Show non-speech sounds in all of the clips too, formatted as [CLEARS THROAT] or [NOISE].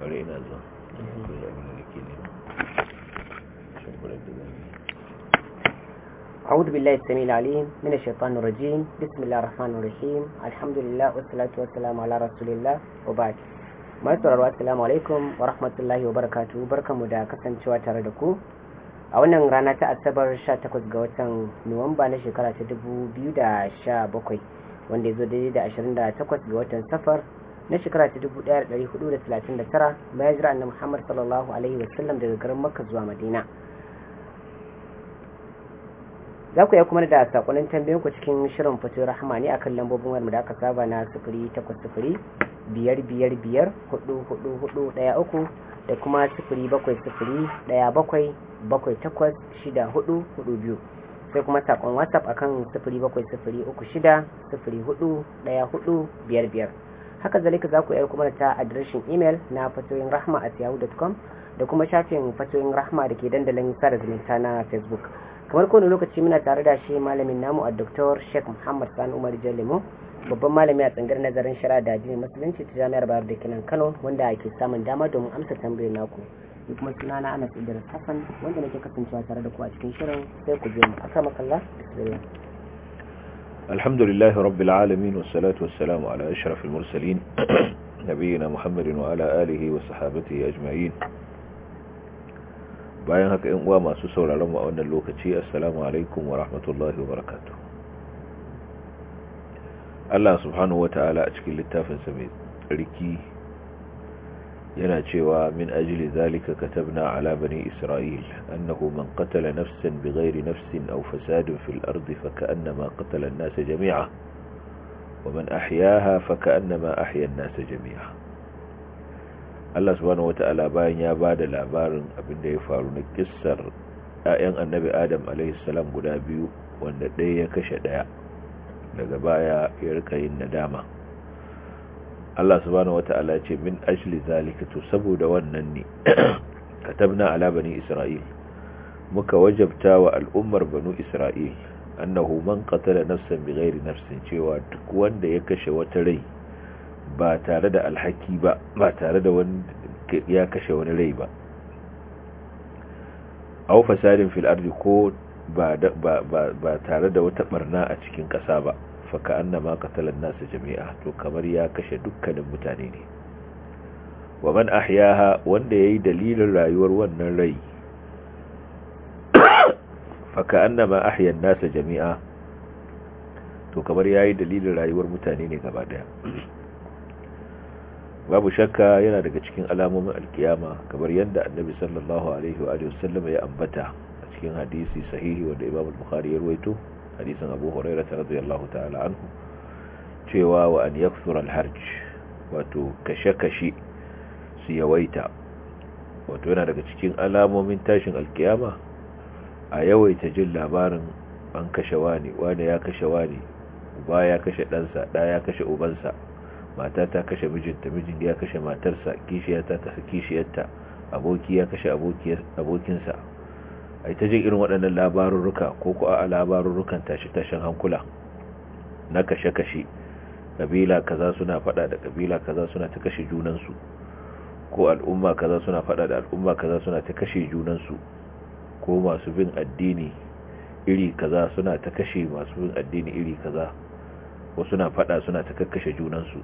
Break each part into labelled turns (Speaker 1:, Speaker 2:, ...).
Speaker 1: bari ina zuwa akwai abin da nake nema shimfirar da zan yi
Speaker 2: أعوذ بالله السميع العليم من الشيطان الرجيم بسم الله الرحمن الرحيم الحمد لله والصلاة والسلام على رسول mai sauraro assalamu alaikum wa rahmatullahi wa barakatu barkanmu da kasancewa tare da ku a wannan rana ta asabar 18 ga watan nuwamba na shekara ta 2017 wanda ya zo daidai da 28 ga watan safar na shekara ta 1439 bayan jira annabi Muhammad sallallahu alaihi sallam daga garin Makka zuwa Madina za ku iya kuma da sakonin tambayin ku cikin shirin fito rahama ne akan lambobin da aka saba na 0805 biyar hudu hudu hudu daya uku da kuma sifiri bakwai sifiri daya bakwai bakwai takwas shida hudu hudu biyu sai kuma sakon whatsapp akan sifiri bakwai sifiri uku shida sifiri hudu daya hudu biyar biyar haka zalika za ku iya kuma ta adireshin imel na fatoyin rahma a yahoo.com da kuma shafin fatoyin rahma da ke dandalin sada zumunta na facebook kamar kowane lokaci muna tare da shi malamin namu a dr sheikh muhammad sani umar jalimu babban malami a tsangar nazarin shari'a da addinin musulunci ta jami'ar bayar da kinan kano wanda ke samun dama domin amsa tambayoyin naku ni kuma suna na anas idris hassan wanda nake kasancewa tare da ku a cikin shirin sai ku je mu a kama
Speaker 1: الحمد لله رب العالمين والصلاة والسلام على أشرف المرسلين نبينا محمد وعلى آله وصحابته أجمعين bayan haka ‘yan uwa masu sauraron a wannan lokaci assalamu alaikum wa rahmatullahi wa barakatu Allah subhanahu wa ta'ala a cikin littafinsa mai tsarki yana cewa min ajili zalika katabna ala bani isra'il annahu man qatala nafsan bighairi nafsin aw fasadin fil ardi faka'annama qatala an nasa jami'a wa man ahyaha faka'annama ahya an nasa jami'a Allah subhanahu wata'ala bayan ya bada labarin abin da ya faru na kissar ƴaƴan annabi Adam alaihi salam guda biyu wanda ɗaya ya kashe ɗaya daga baya ya rika yin nadama Allah subhanahu wata'ala ce min ajli zalika to saboda wannan ne [CLEARS THROAT] katabna ala bani isra'il muka wajabta wa al'ummar banu isra'il annahu man qatala nafsan bighairi nafsin cewa duk wanda ya kashe wata rai ba tare da alhaki ba ba tare da ya kashe wani rai ba aw fasadin fil ardi ko ba ba ba tare da wata barna a cikin ƙasa ba faka annama qatalan nasu jami'a to kamar ya kashe dukkanin mutane ne wa man ahyaha wanda yayi dalilin rayuwar wannan rai [COUGHS] faka annama ahya an-nasa jami'a to kamar yayi dalilin rayuwar mutane ne gaba daya [COUGHS] babu shakka yana daga cikin alamomin alkiyama kamar yadda annabi sallallahu alaihi wa sallam ya ambata a cikin hadisi sahihi wanda imam al-bukhari ya ruwaito hadisin abu huraira ta radiyallahu ta'ala anhu cewa wa an yaksur alharj wato kashe-kashe su yawaita wato yana daga cikin alamomin tashin alkiyama a yawaita jin labarin an kashe wani wani ya kashe wani uba ya kashe ɗansa ɗa ya kashe ubansa mata ta kashe mijinta mijin ya kashe matarsa kishiyata ta kishiyarta aboki ya kashe abokinsa ai ta jin irin waɗannan labarurruka ko ku a labarurrukan tashi-tashin hankula na kashe-kashe kabila kaza suna fada da kabila kaza suna ta kashe junansu ko al'umma kaza suna fada da al'umma kaza suna ta kashe junansu ko masu bin addini iri kaza suna ta kashe masu bin addini iri kaza ko suna fada suna ta kakkashe junansu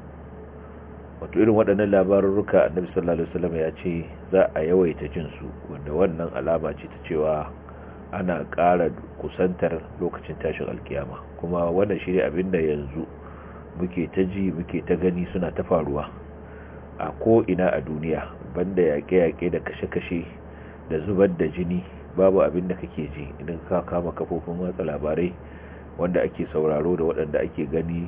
Speaker 1: wato irin waɗannan labarurruka annabi sallallahu alaihi wasallam ya ce za a yawaita jin su wanda wannan alama ce ta cewa ana ƙara kusantar lokacin tashin alkiyama kuma wannan shi ne abin da yanzu muke ta ji muke ta gani suna ta faruwa a ko ina a duniya banda yaƙe-yaƙe da kashe-kashe da zubar da jini babu abin da kake ji idan ka kama kafofin watsa labarai wanda ake sauraro da waɗanda ake gani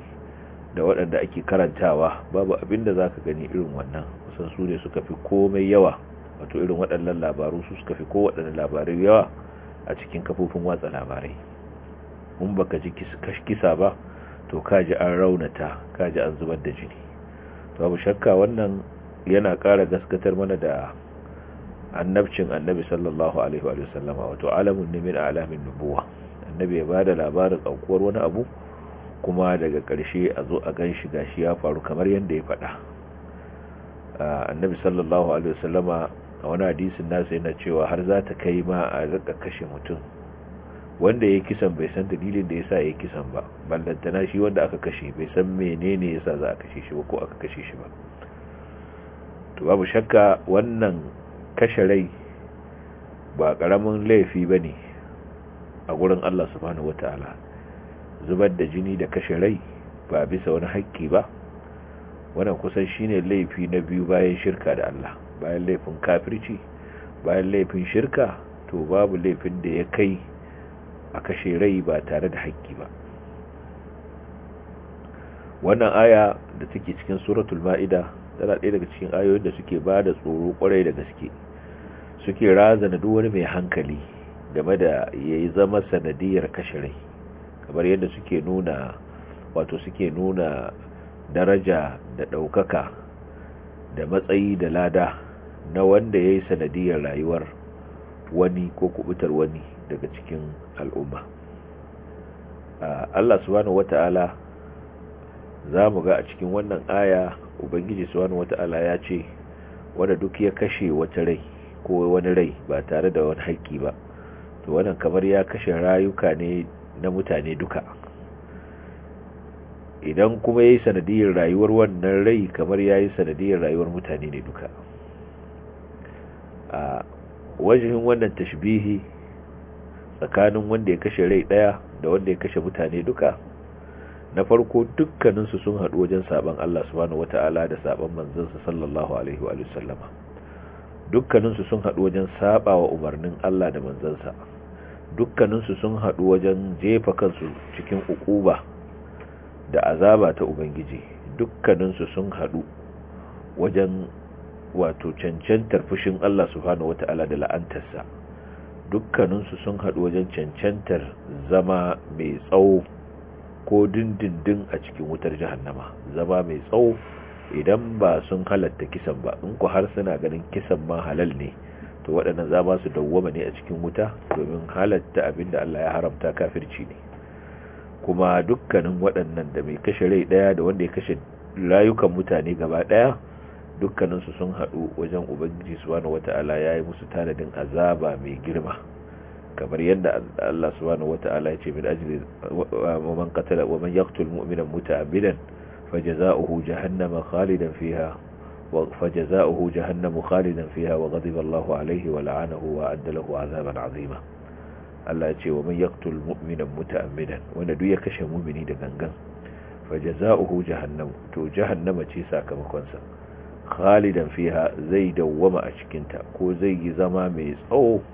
Speaker 1: da waɗanda ake karantawa babu abin da za ka gani irin wannan kusan su ne suka fi komai yawa wato irin waɗannan labaru su suka fi waɗannan labarai yawa a cikin kafofin watsa labarai in baka ji kisa ba to kaji an raunata kaji an zubar da jini babu shakka wannan yana ƙara gaskatar mana da annabcin annabi sallallahu alaihi wa sallama wato alamun ne min alamin nubuwa annabi ya bada labarin aukuwar wani abu kuma daga ƙarshe a zo a gan shi shi ya faru kamar yadda ya faɗa annabi sallallahu alaihi wasallama a wani hadisin nasa yana cewa har za ta kai ma a rika kashe mutum wanda ya kisan bai san dalilin da ya sa ya kisan ba ballantana shi wanda aka kashe bai san menene ya sa za a kashe shi ba ko aka kashe shi ba to babu shakka wannan kashe rai ba ƙaramin laifi ba ne a gurin Allah subhanahu wa ta'ala zubar da jini da kashe rai ba bisa wani haƙƙi ba wannan kusan shine laifi na biyu bayan shirka da Allah bayan laifin kafirci bayan laifin shirka to babu laifin da ya kai a kashe rai ba tare da haƙƙi ba wannan aya da take cikin suratul ma'ida tana ɗaya daga cikin ayoyin da suke ba da tsoro kwarai da gaske suke razana duk wani mai hankali game da ya zama sanadiyar kashe rai kamar yadda suke nuna wato suke nuna daraja da ɗaukaka da matsayi da lada na wanda ya yi sanadiyar rayuwar wani ko kubutar wani daga cikin al'umma Allah subhanahu wata'ala za mu ga a cikin wannan aya ubangiji subhanahu wata'ala ya ce wanda duk ya kashe wata rai ko wani rai ba tare da wani haƙƙi ba to wannan kamar ya kashe rayuka ne na mutane duka idan kuma ya yi sanadiyar rayuwar wannan rai kamar ya yi sanadiyar rayuwar mutane ne duka a wajen wannan tashbihi tsakanin wanda ya kashe rai daya da wanda ya kashe mutane duka na farko dukkaninsu sun haɗu wajen saban Allah subhanahu wata'ala da saban manzansa sallallahu alaihi wa sallama dukkaninsu sun haɗu wajen saba umarnin Allah da manzansa dukkaninsu sun haɗu wajen jefa kansu cikin ukuba da azaba ta ubangiji dukkaninsu sun haɗu wajen wato cancantar fushin Allah subhanahu wata'ala da la'antarsa dukkaninsu sun haɗu wajen cancantar zama mai tsawo ko dindindin a cikin wutar jahannama zama mai tsawo idan ba sun halatta kisan ba in ku har suna ganin kisan ma halal ne to waɗannan za ba su dawwama ne a cikin wuta domin halatta abin da Allah ya haramta kafirci ne kuma dukkanin waɗannan da mai kashe rai ɗaya da wanda ya kashe layukan mutane gaba ɗaya dukkaninsu sun haɗu wajen ubangiji subhanahu wata'ala ya yi musu tanadin azaba mai girma kamar yadda Allah subhanahu wata'ala ya ce min ajli wa man qatala wa man yaqtul mu'mina muta'ammidan fajaza'uhu jahannama khalidan fiha فجزاؤه جهنم خالدا فيها وغضب الله عليه ولعنه وأد له عذابا عظيما Allah ce wa man yaqtul mu'mina muta'ammidan wanda duk ya kashe mu'mini da gangan fa jazaohu jahannam to jahannama ce sakamakonsa! sa khalidan fiha zai dawwama a cikinta, ko zai yi zama mai tsawo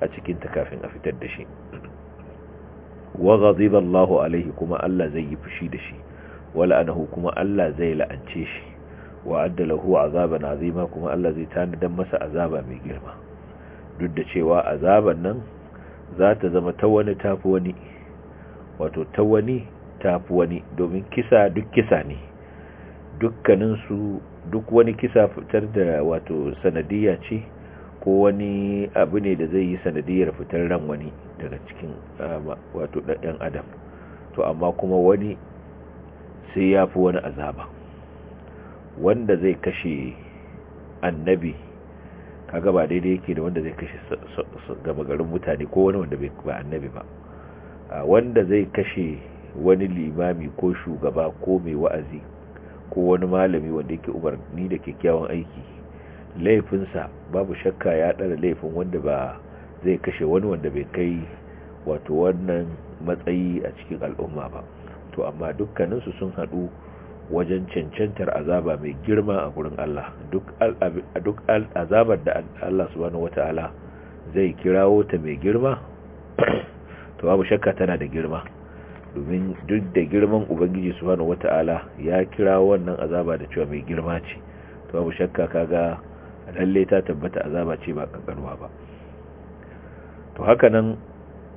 Speaker 1: a cikinta kafin a fitar da shi wa alaihi kuma Allah zai yi fushi da shi wala anahu kuma Allah zai la'ance shi wa addalahu azaban azima kuma Allah zai tanadan masa azaba mai girma duk da cewa azaban nan za ta zama ta wani tafi wani wato ta wani tafi wani domin kisa duk kisa ne dukkanin su duk wani kisa fitar da wato sanadiyya ce ko wani abu ne da zai yi sanadiyyar fitar ran wani daga cikin wato ɗan adam to amma kuma wani sai ya fi wani azaba wanda zai kashe annabi kaga ba daidai yake da wanda zai kashe gama garin mutane ko wani wanda ba annabi ba wanda zai kashe wani limami ko shugaba ko mai wa'azi ko wani malami wanda yake umarni da kyakkyawan aiki laifinsa babu shakka ya ɗara laifin wanda ba zai kashe wani wanda bai kai wato wannan matsayi a cikin al'umma ba to amma dukkaninsu sun haɗu wajen cancantar azaba mai girma a gurin Allah duk azabar da Allah subhanahu wata'ala zai kirawo ta mai girma [CLEARS THROAT] to babu shakka tana da girma domin duk da girman ubangiji subhanahu wata'ala ya kira wannan azaba da cewa mai girma ce to babu shakka kaga lalle ta tabbata azaba ce ba kankanwa ba to haka nan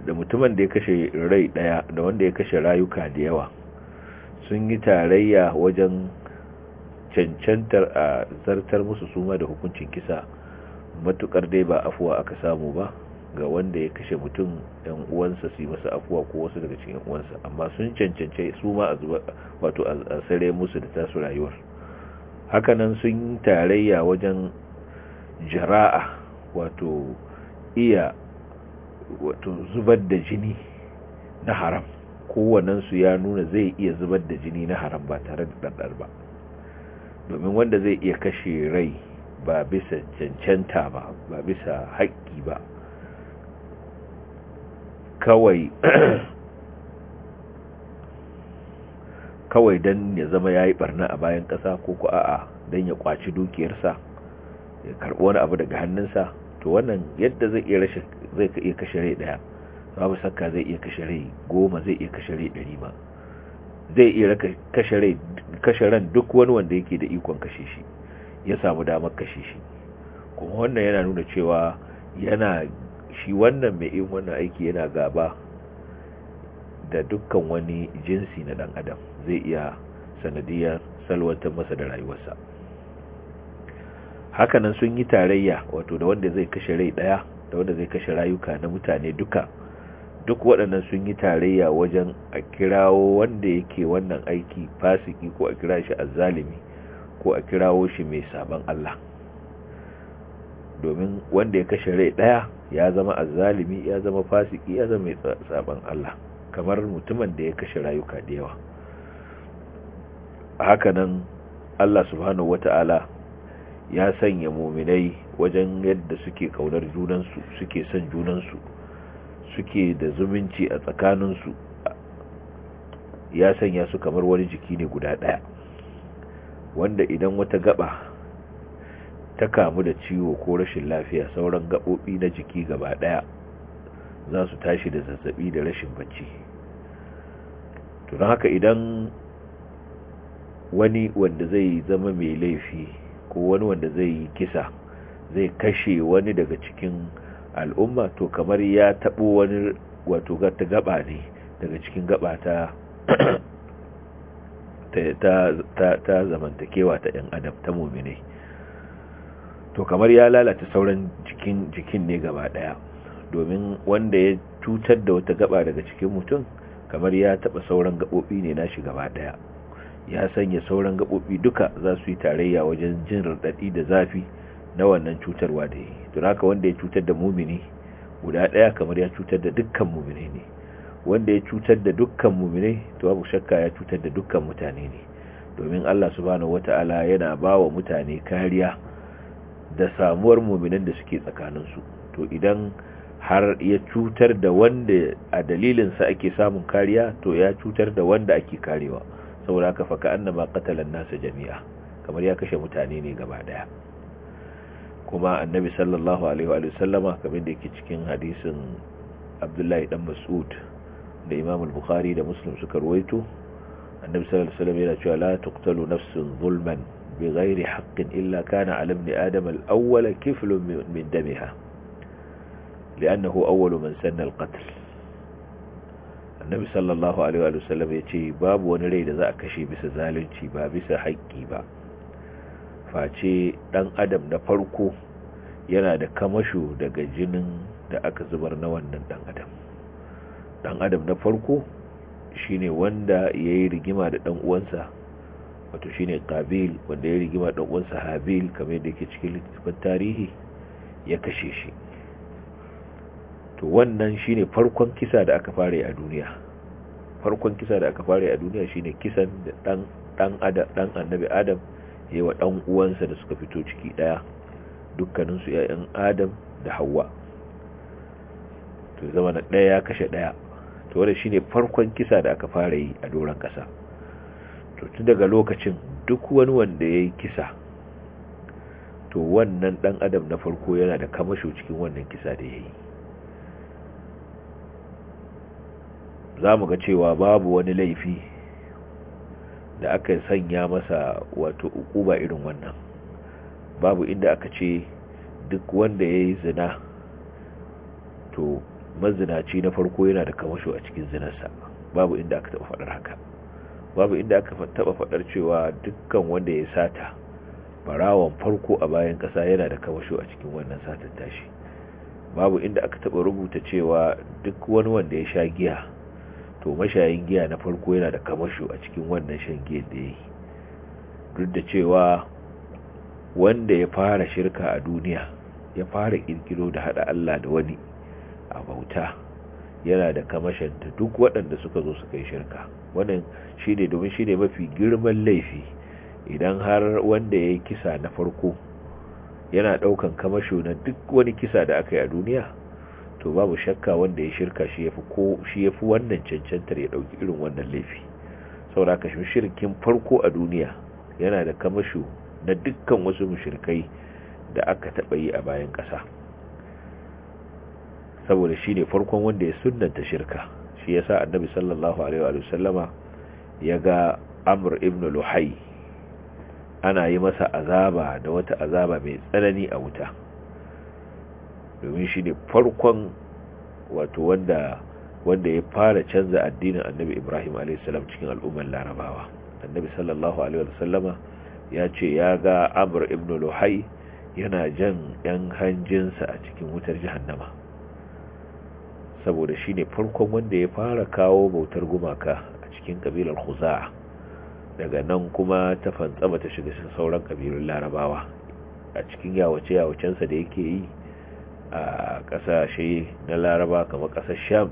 Speaker 1: da mutumin da ya kashe rai daya da wanda ya kashe rayuka da yawa sun yi tarayya wajen cancantar a zartar musu suma da hukuncin kisa matukar dai ba afuwa aka samu ba ga wanda ya kashe mutum yan uwansa su yi masa afuwa ko wasu daga cikin uwansa amma sun cancance su ma a zuba wato a tsare musu da tasu rayuwar hakanan sun yi tarayya wajen
Speaker 2: jara'a
Speaker 1: wato iya wato zubar da jini na haram su ya nuna zai iya zubar da jini na haram ba tare da ɗanɗar ba domin wanda zai iya kashe rai ba bisa cancanta ba ba bisa haƙƙi ba kawai [CLEARS THROAT] kawai don ya zama ya yi barna a bayan ƙasa ko ku a'a don ya kwaci dukiyarsa ya karɓi wani abu daga hannunsa to wannan yadda zai iya kashe rai ɗaya babu sakka zai iya kashe rai goma zai iya kashe rai ɗari ba zai iya kashe ran duk wani wanda yake da ikon kashe shi ya samu damar kashe shi kuma wannan yana nuna cewa yana shi wannan mai yin wannan aiki yana gaba da dukkan wani jinsi na dan adam zai iya sanadiyar salwantar masa da rayuwarsa hakanan sun yi tarayya wato da wanda zai kashe rai daya da wanda zai kashe rayuka na mutane duka duk waɗannan sun yi tarayya wajen a kirawo wanda yake wannan aiki fasiki ko a kira shi azzalimi ko a kirawo shi mai saban Allah domin wanda ya kashe rai ɗaya ya zama azzalimi ya zama fasiki ya zama mai saban Allah kamar mutumin da ya kashe rayuka da yawa hakanan Allah subhanahu wata'ala ya sanya muminai wajen yadda suke kaunar junansu suke son junansu suke da zumunci a tsakaninsu ya sanya su kamar wani jiki ne guda ɗaya wanda idan wata gaba ta kamu da ciwo ko rashin lafiya sauran gaɓoɓi na jiki gaba ɗaya za su tashi da zazzaɓi da rashin bacci don haka idan wani wanda zai zama mai laifi ko wani wanda zai yi kisa zai kashe wani daga cikin al'umma to kamar ya taɓo wani wato ta gaba ne daga cikin gaba ta ta zamantakewa ta ‘yan adam ta mummine to kamar ya lalata sauran jikin ne gaba ɗaya domin wanda ya cutar da wata gaba daga cikin mutum kamar ya taɓa sauran gaɓoɓi ne nashi gaba ɗaya ya sanya sauran gaɓoɓi duka za su yi tarayya wajen jin raɗaɗi da zafi na wannan cutarwa da yi don haka wanda ya cutar da mumini guda ɗaya kamar ya cutar da dukkan mumini ne wanda ya cutar da dukkan mumini to babu shakka ya cutar da dukkan mutane ne domin Allah subhanahu wata'ala yana ba wa mutane kariya da samuwar muminan da suke tsakanin su to idan har ya cutar da wanda a dalilinsa ake samun kariya to ya cutar da wanda ake karewa saboda haka faka annama qatalan nasa jami'a kamar ya kashe mutane ne gaba daya kuma annabi sallallahu alaihi wa sallama kamar da yake cikin hadisin abdullahi dan mas'ud da imam al-bukhari da muslim suka ruwaito annabi sallallahu alaihi wasallam yana cewa la tuqtalu nafsun zulman bighairi haqqin illa kana 'ala ibni adam al-awwal kiflun min damiha li'annahu awwalu man sanna al-qatl annabi sallallahu alaihi wa sallam yace babu wani rai da za a kashe bisa zalunci ba bisa haƙƙi ba face ɗan adam na farko yana da kamasho daga jinin da aka zubar na wannan ɗan adam ɗan adam na farko shine wanda ya yi rigima da ɗan uwansa wato shine qabil wanda ya rigima da uwansa habil kamar yadda yake cikin littafin tarihi ya kashe shi to wannan shine farkon kisa da aka fara a duniya farkon kisa da aka fara a duniya shine kisan da dan dan adam dan annabi adam Yawa wa ɗan uwansa da suka fito ciki ɗaya dukkaninsu ‘ya'yan adam da hawa to zama na ɗaya ya kashe ɗaya to wadda shi ne farkon kisa da aka fara yi a doron ƙasa to tun daga lokacin duk wani wanda ya yi kisa to wannan ɗan adam na farko yana da kamasho cikin wannan kisa da ya yi za mu ga cewa babu wani laifi da aka sanya masa wato ukuba irin wannan babu inda aka ce duk wanda ya yi zina to mazinaci na farko yana da kamasho a cikin zinarsa babu inda aka taɓa faɗar haka babu inda aka taɓa faɗar cewa dukkan wanda ya sata barawan farko a bayan kasa yana da kamasho a cikin wannan satar tashi babu inda aka taba rubuta cewa duk wani wanda ya sha giya to mashayin giya na farko yana da kamasho a cikin wannan shan giyan da ya duk da cewa wanda ya fara shirka a duniya ya fara kirkiro da hada Allah da wani a bauta yana da kamashanta duk waɗanda suka zo suka yi shirka wannan shi ne domin shi ne mafi girman laifi idan har wanda ya yi kisa na farko yana ɗaukan kamasho na duk wani kisa da aka yi a duniya to babu shakka wanda ya shirka shi yafi ko shi yafi wannan cancantar ya dauki irin wannan laifi saboda ka shirkin farko a duniya yana da kamashu na dukkan wasu mushirkai da aka taba yi a bayan kasa saboda shi ne farkon wanda ya sunnanta shirka shi yasa annabi sallallahu alaihi wa sallama ya ga amr ibn luhai ana yi masa azaba da wata azaba mai tsanani a wuta domin shi ne farkon wato wanda wanda ya fara canza addinin annabi ibrahim a.s. cikin al'ummar larabawa annabi sallallahu alaihi ya ce ya ga amur ibn luhai yana jan yan hanjinsa a cikin wutar jahannama saboda shi ne farkon wanda ya fara kawo bautar gumaka a cikin kabilar huza'a daga nan kuma ta fantsama ta shiga sauran kabilun larabawa a cikin yawace-yawacensa da yake yi a kasashe na laraba kamar kasar sham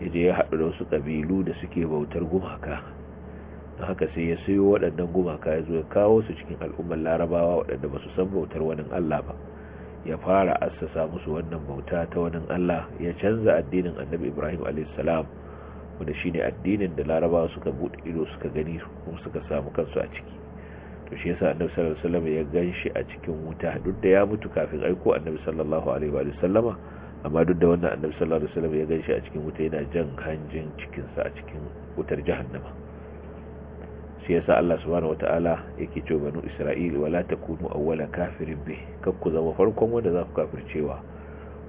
Speaker 1: ya je ya haɗu da wasu ƙabilu da suke bautar gumaka don haka sai ya sayo waɗannan gumaka ya zo ya kawo su cikin al'ummar larabawa waɗanda ba su san bautar wani allah ba ya fara assasa musu wannan bauta ta wani allah ya canza addinin annabi ibrahim a.s. wanda shine addinin da larabawa suka buɗe ido suka gani kuma suka samu kansu a ciki to shi yasa annabi sallallahu alaihi wasallam ya ganshi a cikin wuta duk da ya mutu kafin aiko annabi sallallahu alaihi wa sallama amma duk da wannan annabi sallallahu alaihi wasallam ya ganshi a cikin wuta yana jan hanjin cikin sa a cikin wutar jahannama shi yasa Allah subhanahu wataala yake ce banu Isra'il wala takunu awwala kafirin bi kakku zama farkon wanda za ku kafircewa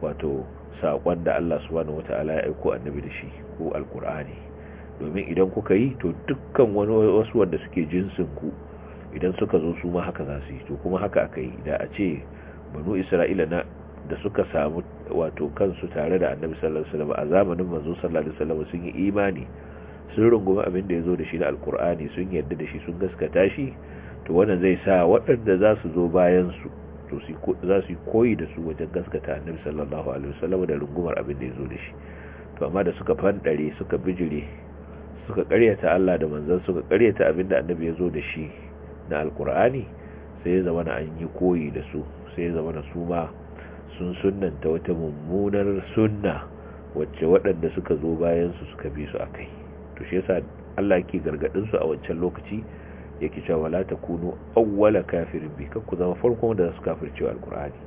Speaker 1: wato sakon da Allah subhanahu wataala ya aiko annabi da shi ko alqur'ani domin idan kuka yi to dukkan wani wasu wanda suke jinsin ku idan suka zo su ma haka za su yi to kuma haka aka yi da a ce banu isra'ila na da suka samu wato kansu tare da annabi sallallahu alaihi wasallam a zamanin manzo sallallahu alaihi wasallam sun yi imani sun rungumi abin da ya zo da shi na alkur'ani sun yarda da shi sun gaskata shi to wannan zai sa waɗanda za su zo bayan su to za su koyi da su wajen gaskata annabi sallallahu alaihi wasallam da rungumar abin da ya zo da shi to amma da suka fandare suka bijire suka karyata Allah da manzon suka karyata abin da annabi ya zo da shi na alkur'ani sai zama na an yi koyi da su sai zama na su ma sun sunanta wata mummunar sunna wacce waɗanda suka zo bayansu suka bi su a kai to shi yasa Allah ke gargaɗinsu a wancan lokaci ya yake cewa wala takunu awwala kafirin bi ku zama farkon da su cewa alkur'ani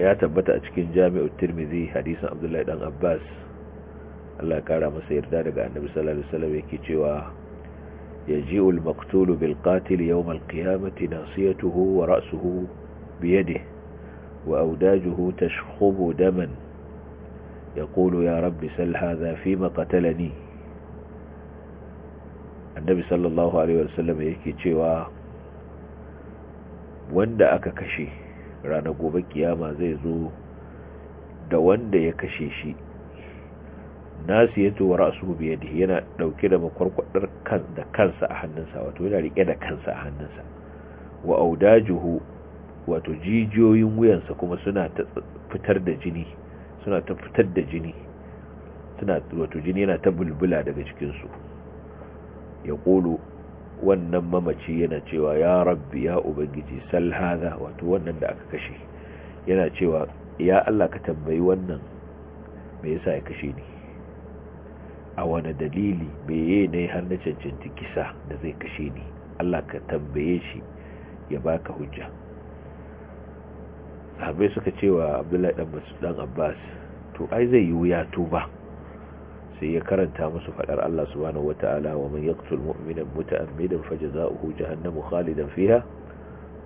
Speaker 1: ya tabbata a cikin jami'ar tirmidhi hadisin abdullahi dan abbas Allah ya kara masa yarda daga annabi sallallahu alaihi wasallam yake cewa يجيء المقتول بالقاتل يوم القيامة ناصيته ورأسه بيده وأوداجه تشخب دما يقول يا رب سل هذا فيما قتلني النبي صلى الله عليه وسلم يكي تشيوا wanda أكا كشي رانا قوبك يا ما زيزو da wanda nasiyatu wa ra'suhu bi yadihi yana dauke da makwarkwadar kan da kansa a hannunsa wato yana rike da kansa a hannunsa wa audajuhu wato jijiyoyin wuyansa kuma suna ta fitar da jini suna ta fitar da jini suna wato jini yana ta bulbula daga cikin su ya kulu wannan mamaci yana cewa ya rabbi ya ubangiji sal hadha wato wannan da aka kashe yana cewa ya Allah ka tambayi wannan me yasa ya kashe ni a wani dalili meye ne har na cancanci kisa da zai kashe ni Allah ka tambaye shi ya baka hujja sahabai suka cewa abdullahi dan masu dan abbas to ai zai yi wuya tuba sai ya karanta musu fadar Allah subhanahu wataala wa man yaqtul mu'mina muta'ammidan fajza'uhu jahannamu khalidan fiha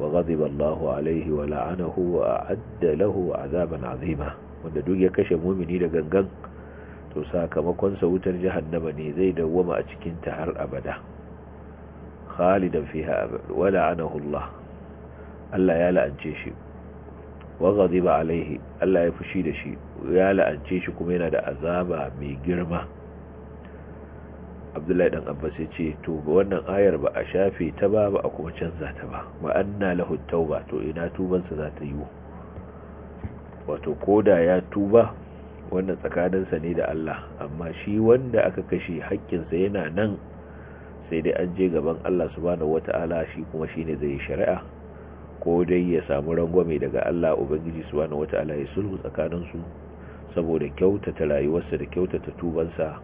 Speaker 1: wa ghadiba Allahu alayhi wa la'anahu wa a'adda lahu 'adaban 'azima wanda duk ya kashe mu'mini da gangan to sakamakonsa wutar jahannama ne zai dawwama a cikinta har abada khalidan fiha abada wala anahu Allah Allah ya la'ance shi wa ghadiba alaihi Allah ya fushi da shi ya la'ance shi kuma yana da azaba mai girma Abdullahi dan Abbas ya ce to wannan ayar ba a shafe ta ba ba a kuma canza ta ba wa anna lahu tauba to ina tubansa za ta yi wato koda ya tuba wannan tsakaninsa ne da Allah amma shi wanda aka kashe haƙƙinsa yana nan sai dai an je gaban Allah subhanahu wata'ala shi kuma shine zai shari'a ko dai ya samu rangwame daga Allah ubangiji subhanahu wata'ala ya sulhu tsakaninsu saboda kyautata rayuwarsa da kyautata tubansa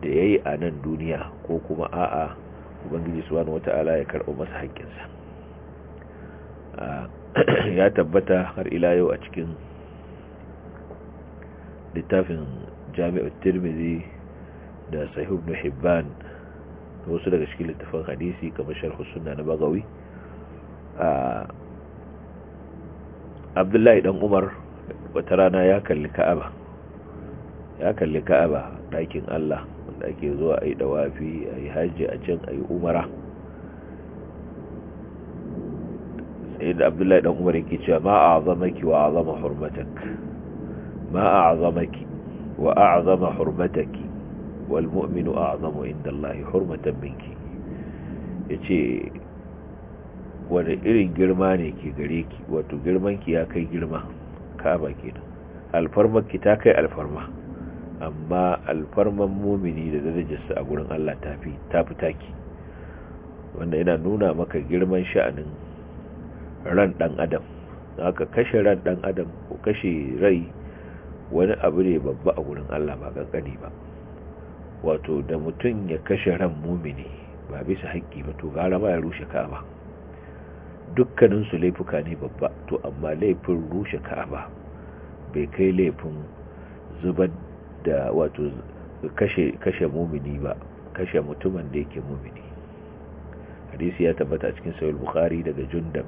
Speaker 1: da yayi a nan duniya ko kuma a'a ubangiji subhanahu wata'ala ya karɓo masa haƙƙinsa ah, [CLEARS THROAT] ya tabbata har ila yau a cikin littafin jami'ar tirmidhi da sahib ibn hibban wasu daga cikin littafin hadisi kamar sharh sunna na bagawi abdullahi dan umar wata rana ya kalli ka'aba ya kalli ka'aba ɗakin Allah wanda ake zuwa a yi dawafi a yi hajji a can a yi umara sai da abdullahi dan umar yake cewa ma a zama ki wa a zama hurmatak ما أعظمك وأعظم حرمتك والمؤمن أعظم عند الله حرمة منك يتي wani irin girma ne ke gare ki wato girmanki ya kai girma kaba kenan alfarmarki ta kai alfarma amma alfarman mumini da darajarsa a gurin Allah tafi tafi taki wanda yana nuna maka girman sha'anin ran dan adam haka kashe ran dan adam ko kashe rai wani abu ne babba a gurin Allah ba kankani ba wato da mutum ya kashe ran mumini ba bisa haƙƙi ba to gara ma ya rushe ka'aba dukkanin su laifuka ne babba to amma laifin rushe ka'aba bai kai laifin zubar da wato kashe kashe mumini ba kashe mutumin da yake mumini hadisi ya tabbata cikin sahih bukhari daga jundab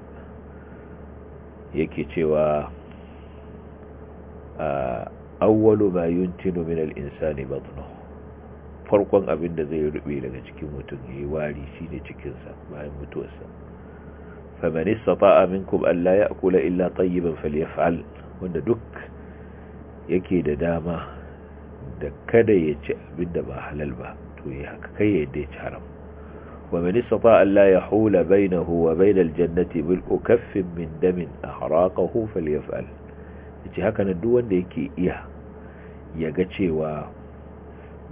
Speaker 1: yake cewa awwalu ma yuntinu min al-insani batnuhu farkon abin da zai rube daga cikin mutum yayi wari shine cikinsa bayan fa faman istata'a minkum an la ya'kula illa tayyiban falyaf'al wanda duk yake da dama da kada ya ci abin da ba halal ba to yi haka kai ya yadda ya ci haram wa man istata'a an la yahula bainahu wa bainal jannati bil ukaffin min damin ahraqahu falyaf'al ce haka na duk wanda yake iya ya ga cewa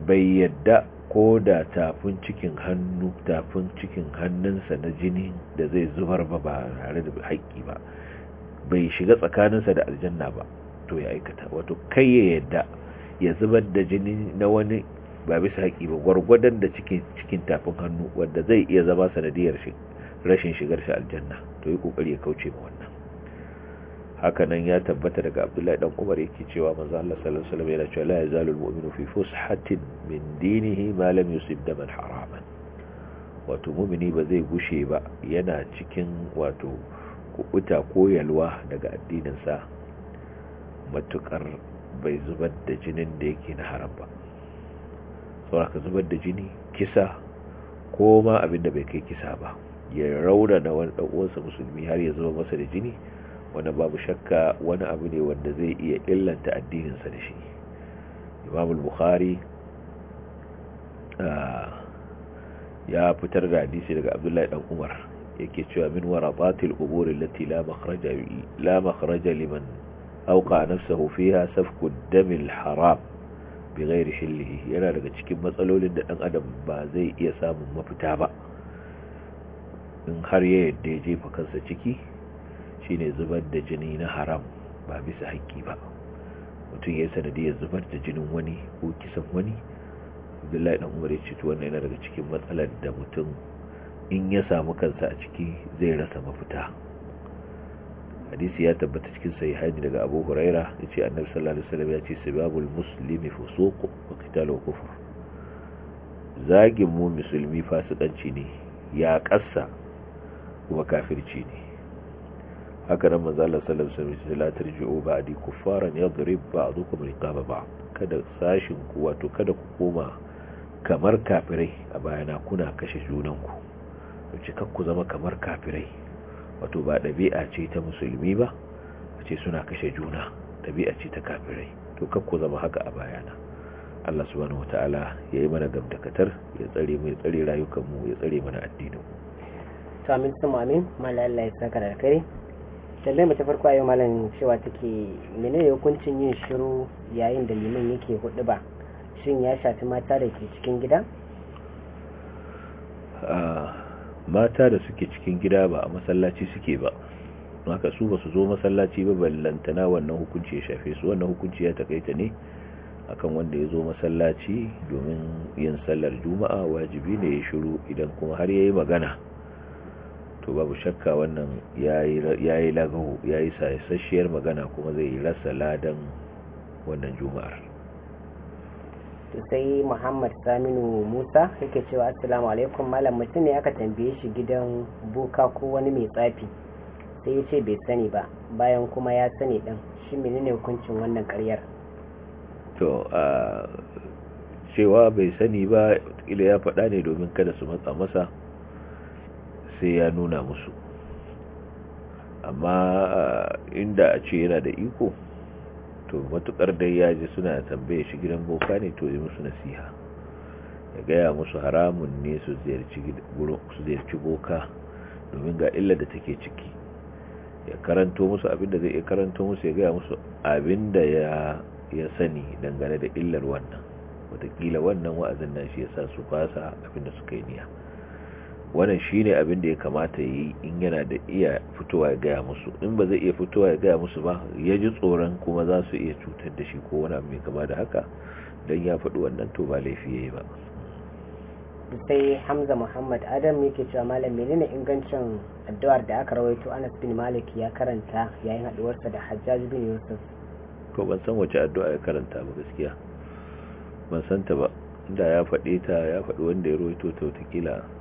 Speaker 1: bai yadda ko da tafin cikin hannu tafin cikin hannunsa na jini da zai zubar ba ba tare da haƙƙi ba bai shiga tsakaninsa da aljanna ba to ya aikata wato kai ya yadda ya zubar da jini na wani ba bisa haƙƙi ba gwargwadon da cikin cikin tafin hannu wanda zai iya zama sanadiyar rashin shigar shi aljanna to yi kokari ya kauce ma wannan hakanan ya tabbata daga abdullahi dan umar yake cewa manzo Allah sallallahu alaihi wasallam yana cewa la yazalu almu'minu fi fushatin min dinihi ma lam yusib daman haraman wato mu'mini ba zai gushe ba yana cikin wato kubuta ko yalwa daga addinin sa matukar bai zubar da jinin da yake na haram ba ka zubar da jini kisa ko ma da bai kai kisa ba ya raunana wani dan uwansa musulmi har ya zuba masa da jini wanda babu shakka wani abu ne wanda zai iya illanta addininsa da shi imamul bukhari ah, ya fitar da hadisi daga abdullahi dan umar yake cewa min warabatil qubur allati la makhraja la makhraja liman awqa nafsahu fiha safku damil haram bighairi hillihi yana daga cikin matsalolin da dan adam ba zai iya samun mafita ba in har ya yadda ya jefa kansa ciki shine zubar da jini na haram ba bisa haƙƙi ba mutum ya sanadiyar zubar da jinin wani ko kisan wani abdullahi dan umar ya ce to wannan yana daga cikin matsalar da mutum in ya samu kansa a ciki zai rasa mafita hadisi ya tabbata cikin sahihaini daga Abu Huraira ce Annabi sallallahu alaihi wasallam ce sababul muslimi fusuq wa qitalu kufr zagin mu musulmi fasikanci ne ya kassa kuma kafirci ne haka nan manzo Allah sallallahu alaihi wasallam la tarji'u ba'di ba a ba'dukum riqaba ba kada sashin ku wato kada ku koma kamar kafirai a bayana kuna kashe junan ku to zama kamar kafirai wato ba ɗabi'a ce ta musulmi ba ce suna kashe juna dabi'a ce ta kafirai to kar zama haka a bayana Allah subhanahu wataala ya yi mana gamdakatar ya tsare mu ya tsare rayukanmu ya tsare mana addinin mu.
Speaker 2: Tamin tsammanin malalla ya saka da kare tallai mu ta farko a malam cewa take menene hukuncin yin shiru yayin da liman yake hudu ba shin ya shafi mata da ke cikin gida
Speaker 1: mata da suke cikin gida ba a masallaci suke ba maka su ba su zo masallaci ba ballantana wannan hukunci ya shafe su wannan hukunci ya takaita ne akan wanda ya zo masallaci domin yin sallar juma'a wajibi ne ya shiru idan kuma har ya yi magana to babu shakka wannan ya yi lagahu ya yi magana kuma zai yi rasa ladan wannan juma'ar
Speaker 2: sai muhammad saminu musa yake cewa assalamu alaikum malam mutum ne aka tambaye shi gidan buka ko wani mai tsafi sai ya ce bai sani ba bayan kuma ya sani dan shi menene hukuncin wannan karyar
Speaker 1: to a cewa bai sani ba ila ya faɗa ne domin kada su matsa masa sai ya nuna musu amma eh, inda a ce yana da iko to matukar dai ya ji suna tambaye shi gidan boka ne to yi musu nasiha ya gaya musu haramun ne su ziyarci boka domin ga illar da take ciki ya karanto musu abinda zai iya karanto musu ya gaya musu abinda ya ya sani dangane da illar wannan watakila wannan wa'azin nan shi ya sa su fasa abinda suka yi niyya wannan shine abin da ya kamata yi in yana da iya fitowa ya gaya musu in ba zai iya fitowa ya gaya musu ba ya ji tsoron kuma za su iya cutar da shi ko wani mai kama da haka don ya faɗi wannan to ba laifi ya yi ba
Speaker 2: sai hamza muhammad adam yake cewa malam menene ingancin addu'ar da aka rawaito anas bin malik ya karanta yayin haɗuwarsa da hajjaj bin yusuf
Speaker 1: ko ban san wace addu'a ya karanta ba gaskiya ban san ta ba da ya faɗe ta ya faɗi wanda ya rawaito ta watakila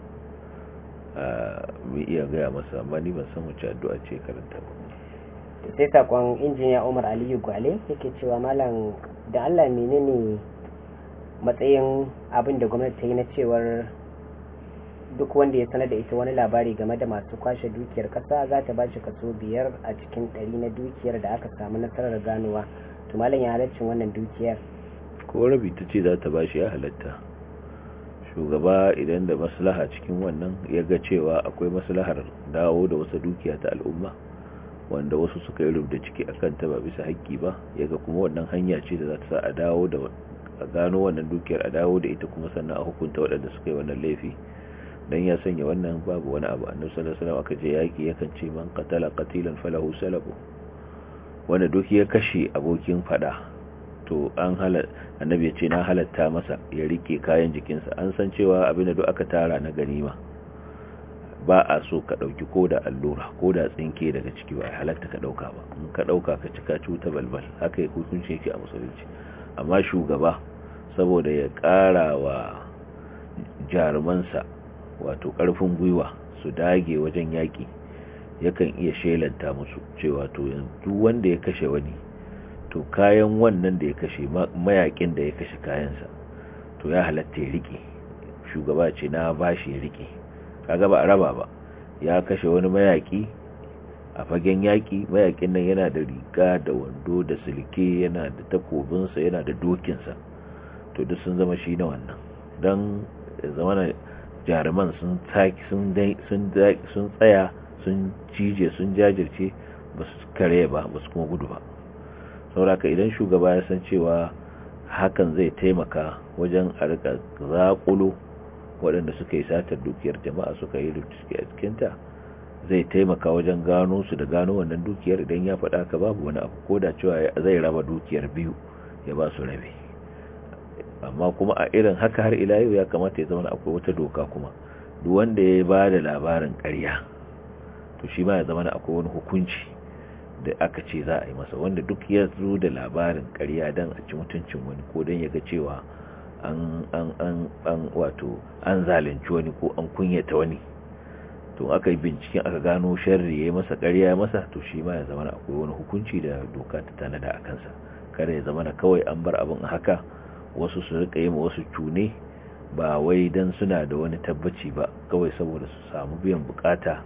Speaker 1: mu iya gaya masa amma ni ban san wace addu'a ce karanta ba
Speaker 2: sai sakon injiniya Umar Aliyu Gwale yake cewa malam da Allah menene matsayin abin da gwamnati ta yi na cewar duk wanda ya sanar da ita wani labari game da masu kwashe dukiyar kasa za ta ba kaso biyar a cikin ɗari na dukiyar da aka samu nasarar ganowa to malam ya halarci wannan dukiyar
Speaker 1: ko rabi ta ce za ta ba shi ya halatta shugaba idan da maslaha cikin wannan ya ga cewa akwai maslahar dawo da wasu dukiya ta al'umma wanda wasu suka yi rubda ciki akan ta ba bisa haƙƙi ba ya ga kuma wannan hanya ce da za ta sa a dawo da a gano wannan dukiyar a dawo da ita kuma sannan a hukunta waɗanda suka yi wannan laifi dan ya sanya wannan babu wani abu annabi sallallahu alaihi wasallam aka yaki yakan ce man qatala qatilan falahu salabu wanda duk ya kashe abokin fada to an halal annabi ya ce na halatta masa ya rike kayan jikinsa an san cewa abin da duk aka tara na ganima ba a so ka ɗauki ko da allura ko da tsinke daga ciki ba halatta ka ɗauka ba in ka ɗauka ka cika cuta balbal haka ya hukunci yake a musulunci amma shugaba saboda ya ƙara wa jarumansa wato karfin gwiwa su dage wajen yaƙi yakan iya shelanta musu cewa to yanzu wanda ya kashe wani to kayan wannan da ya kashe mayakin da ya kashe kayansa to ya halatta ya riƙe shugaba ce na bashi ya rike kaga ba a raba ba ya kashe wani mayaki a fagen yaki mayakin nan yana da riga da wando da silke yana da takobinsa yana da dokinsa to duk sun zama shi na wannan don zamana jaruman sun tsaya sun cije sun jajirce ba su kare ba ba su kuma gudu ba sauraka idan shugaba ya san cewa hakan zai taimaka wajen a rika zaƙulo waɗanda suka yi satar dukiyar jama'a suka yi suke a cikinta zai taimaka wajen gano su da gano wannan dukiyar idan ya faɗa ka babu wani abu ko da cewa zai raba dukiyar biyu ya ba su rabe amma kuma a irin haka har ila yau ya kamata ya zama akwai wata doka kuma duk wanda ya ba da labarin ƙarya to shi ma ya zama akwai wani hukunci da aka ce za a yi masa wanda duk ya zo da labarin karya don a ci mutuncin wani ko don ya ga cewa an wato an zalunci wani ko an kunyata wani to aka yi binciken aka gano sharri ya yi masa ƙarya ya masa to shi ma ya zama akwai wani hukunci da doka ta tanada a kansa kada ya zama kawai an bar abin haka wasu su rika yi wasu cune ba wai don suna da wani tabbaci ba kawai saboda su samu biyan bukata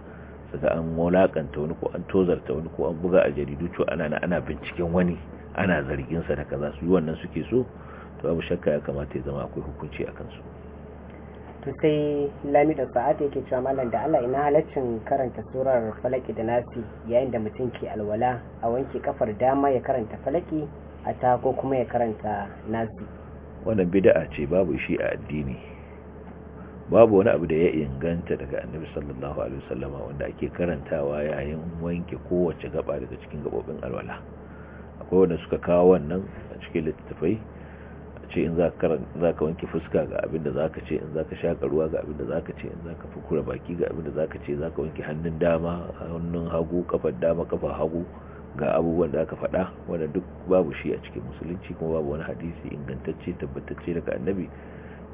Speaker 1: saka an wulakanta wani ko an tozarta wani ko an buga a jaridu to ana na ana binciken wani
Speaker 2: ana zargin
Speaker 1: sa da kaza su wannan suke so to abu shakka ya kamata ya zama akwai hukunci a kansu
Speaker 2: to sai da sa'ad yake cewa malam da Allah ina halaccin karanta surar falaki da nasi yayin da mutum ke alwala a wanke kafar dama ya karanta falaki a ta ko kuma ya karanta nasi
Speaker 1: wannan bid'a ce babu shi a addini babu wani abu da ya inganta daga annabi sallallahu alaihi wasallam wanda ake karantawa yayin wanke kowace gaba daga cikin gabobin alwala akwai wanda suka kawo wannan a cikin littattafai a ce in za ka wanke fuska ga abin da za ka ce in za ka shaƙa ruwa ga abin da za ka ce in za ka fukura baki ga abin da za ka ce za ka wanke hannun dama hannun hagu kafar dama kafar hagu ga abubuwan da aka faɗa wanda duk babu shi a cikin musulunci kuma babu wani hadisi ingantacce tabbatacce daga annabi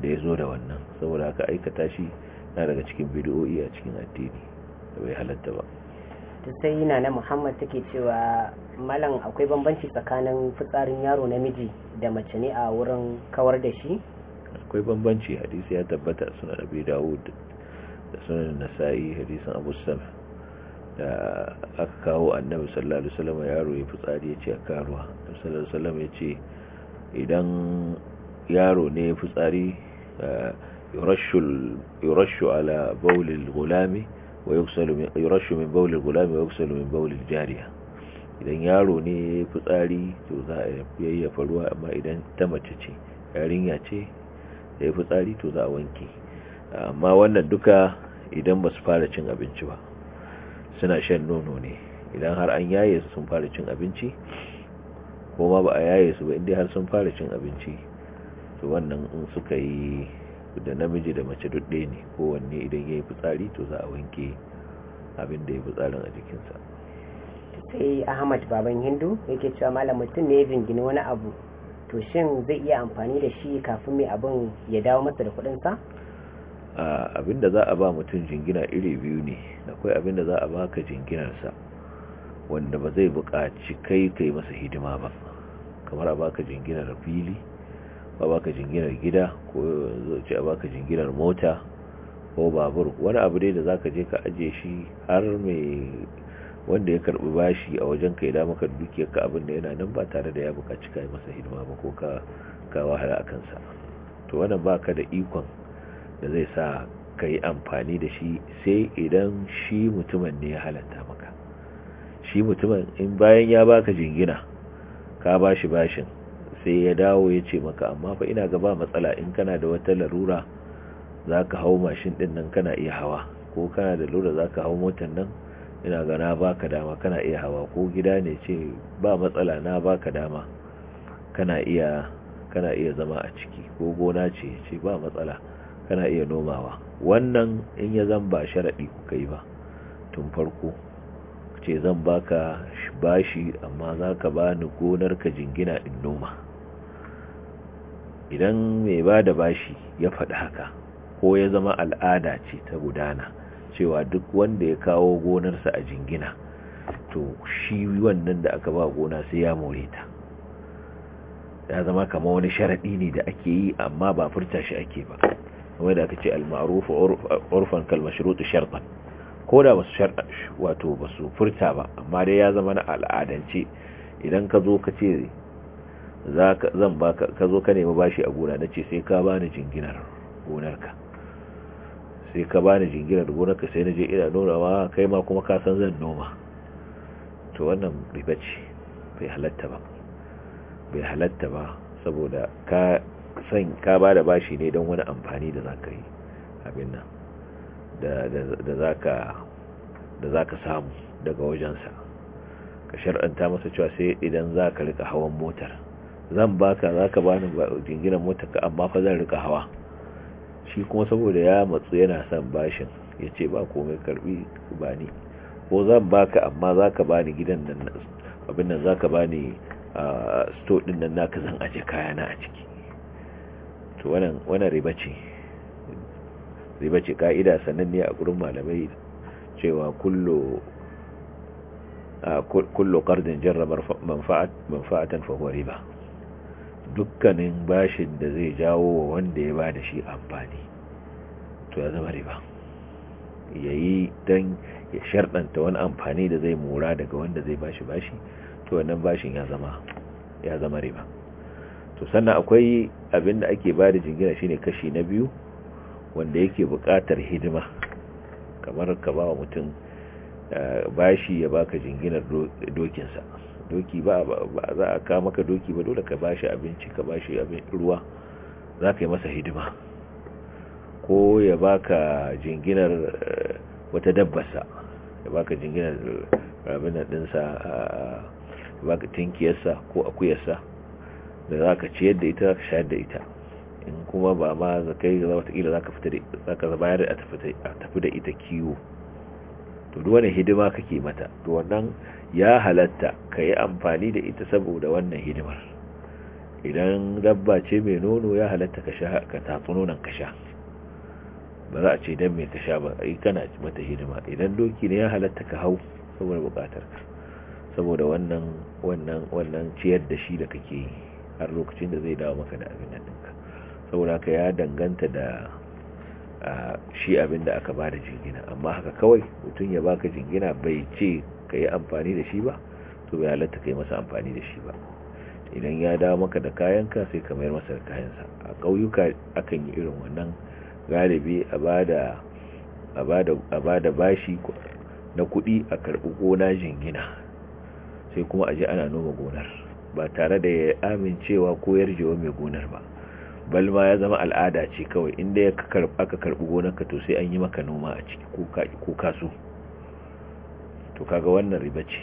Speaker 1: da ya zo da wannan saboda aka aikata shi na daga cikin bidiyoyi a cikin addini da bai halatta ba
Speaker 2: ta sai yana na muhammad take cewa malam akwai bambanci tsakanin fitsarin yaro namiji da mace ne a wurin kawar da shi
Speaker 1: akwai bambanci hadisi ya tabbata suna da dawud da sunan nasa'i hadisin abu da aka kawo annabi sallallahu alaihi wasallam yaro ya fitsari ya ce a karuwa sallallahu alaihi ya ce idan yaro ne ya fitsari eh, yurashu ala baulil gulami wa yurashu min baulil gulami wa yuksalu min baulil jariya idan yaro ne ya fitsari to za a yayyafa ruwa amma idan ta mace ce yarinya ce da yi fitsari to za a wanke amma wannan duka idan ba su fara cin abinci ba suna shan nono ne idan har an yaye su sun fara cin abinci ko ma ba a yaye su ba inda har sun fara cin abinci to wannan in suka yi da namiji da mace dudde ne kowanne idan ya yi fitsari to za a wanke abin da ya fitsarin a jikinsa
Speaker 2: sai ahmad baban hindu yake cewa malam mutum ne ya jingini wani abu to shin zai iya amfani da shi kafin mai abin ya dawo masa da kudinsa
Speaker 1: abin da za a ba mutum jingina iri biyu ne akwai abin da za a baka jinginarsa wanda ba zai buƙaci kai kai masa hidima ba kamar a baka jinginar fili a baka jinginar gida ko ce a baka jinginar mota ko babur wani abu dai da zaka je ka aje shi har mai wanda ya karbi bashi a wajen kai da maka dukiyar ka abin da yana nan ba tare da ya bukaci kai masa hidima ba ko ka ka wahala akan sa to wannan baka da ikon da zai sa ka amfani da shi sai idan shi mutumin ne ya halatta maka shi mutumin in bayan ya baka jingina ka bashi bashin sai ya dawo ya ce maka amma fa ina gaba matsala in kana da wata larura za ka hau mashin din nan kana iya hawa ko kana da lura za ka hau motan nan ina ga na ba ka dama kana iya hawa ko gida ne ce ba matsala na ba ka dama kana iya zama a ciki ko gona ce ce ba matsala kana iya nomawa wannan in ya zan ba sharaɗi kuka yi ba tun farko ce zan baka bashi amma za ka bani gonar ka jingina in noma idan mai ba da bashi ya faɗi haka ko ya zama al'ada ce ta gudana cewa duk wanda ya kawo gonarsa a jingina to shi wannan da aka ba gona sai ya more ta ya zama kama wani sharaɗi ne da ake yi amma ba furta shi ake ba kuma da aka ce al-ma'ruf urfan kal mashrut ko da basu sharɗa wato basu furta ba amma dai ya zama na al'adance idan ka zo ka ce zan baka ka zo ka nemi bashi a gona na ce sai ka bani jinginar gonarka sai ka bani jinginar gonarka sai na je ina ma kai ma kuma ka san zan noma to wannan riba ce bai halatta ba bai halatta ba saboda ka san ka ba da bashi ne don wani amfani da za ka yi abin nan da za ka samu daga wajensa ka shar'anta masa cewa sai idan za ka rika hawan motar zan baka za ka bani jinginan motarka amma fa zan rika hawa shi kuma saboda ya matsu yana son bashin ya ce ba komai karbi ba ni ko zan baka amma za ka bani gidan nan abin nan za ka bani sto din nan naka zan aje na a ciki to wannan wannan riba ce riba ce ka'ida ne a gurin malamai cewa kullu kullu qardin jarra manfa'atan fa riba dukkanin bashin da zai jawo wa wanda ya ba da shi amfani to ya zama riba ya yi don ya sharɗanta wani amfani da zai mura daga wanda zai bashi bashi to wannan bashin ya zama riba to sannan akwai abin da ake ba da jingina shine kashi na biyu wanda yake buƙatar hidima kamar ka ba wa mutum eh, bashi ya baka jinginar dokinsa doki ba ba za a ka maka doki ba dole ka bashi abinci ka bashi abin ruwa za ka yi masa hidima ko ya baka jinginar eh, wata dabbasa ya baka jinginar rabinan eh, dinsa eh, ya baka tinkiyarsa ko akuyarsa da za ka ciyar da ita shayar da ita in kuma ba ma za ka yi watakila za ka fita da za ka bayar da a tafi da ita kiwo to duwane hidima kake mata to wannan ya halatta ka yi amfani da ita saboda wannan hidimar idan dabba ce mai nono ya halatta ka tafi nonon ka sha ba za a ce don mai ta sha ba yi kana mata hidima idan doki ne ya halatta ka hau saboda bukatar saboda wannan ciyar da shi da kake yi har lokacin da zai dawo maka da abin da ɗinka saboda ka ya danganta da shi abin da aka ba da jingina amma haka kawai mutum ya baka jingina bai ce ka yi amfani da shi ba to bai halatta ka yi masa amfani da shi ba idan ya dawo maka da kayan ka sai ka mayar masa da kayansa a ƙauyuka akan yi irin wannan galibi a ba da bashi na kuɗi a karɓi gona jingina sai kuma a ji ana noma gonar ba tare da ya amincewa ko yarjewa mai gonar ba bal ma ya zama al'ada ce kawai inda aka karɓi gonarka to sai an yi maka noma a ciki ko kasu to kaga wannan riba ce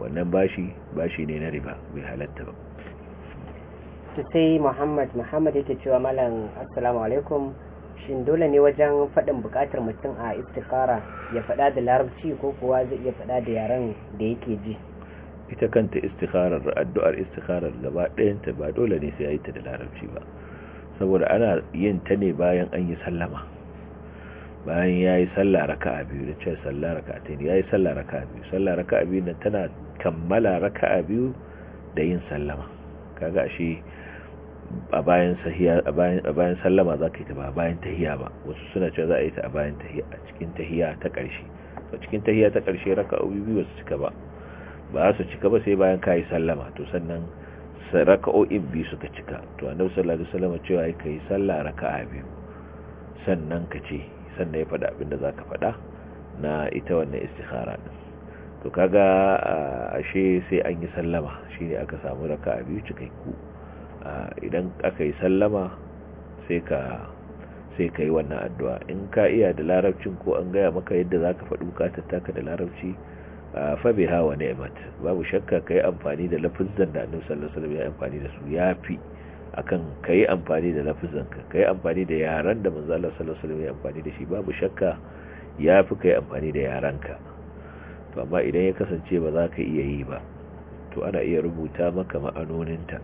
Speaker 1: wannan bashi bashi ne na riba bai halatta ba to
Speaker 2: sai muhammad muhammad yake cewa malam assalamu alaikum shin dole ne wajen faɗin buƙatar mutum a istikara ya faɗa da larabci ko kuwa zai iya faɗa da yaren da yake
Speaker 1: ji ita kanta istikarar addu'ar istikarar gaba ɗayanta ba dole ne sai ya yi ta da larabci ba saboda ana yin ta ne bayan an yi sallama bayan ya yi sallah a biyu da ce sallah raka'a ta ya yi sallah a biyu sallah a biyu na tana kammala raka a biyu da yin sallama kaga shi a bayan sallama za ka yi ta ba bayan tahiya ba wasu suna cewa za a yi ta a bayan tahiya a cikin tahiya ta ƙarshe a cikin tahiya ta ƙarshe a biyu ba su cika ba ba su cika ba sai bayan ka yi sallama to sannan raka'o'in biyu suka cika to annabi sallallahu alaihi wasallam cewa kai sallah raka'a biyu sannan ka ce sannan ya faɗa da za ka faɗa na ita wannan istikhara ɗin to kaga ashe sai an yi sallama shi ne aka samu raka a biyu cikakku idan aka yi sallama sai ka yi wannan addu'a in ka iya da larabcin ko an gaya maka yadda za ka faɗu ka taka da larabci fabi hawa ni'mat babu shakka ka yi amfani da lafizan da annin sallar sallar amfani da su ya fi akan yi amfani da lafizanka yi amfani da yaran da manzo Allah sallallahu alaihi wasallam amfani da shi babu shakka yafi kai amfani da yaranka to amma idan ya kasance ba za ka iya yi ba to ana iya rubuta maka ma'anoninta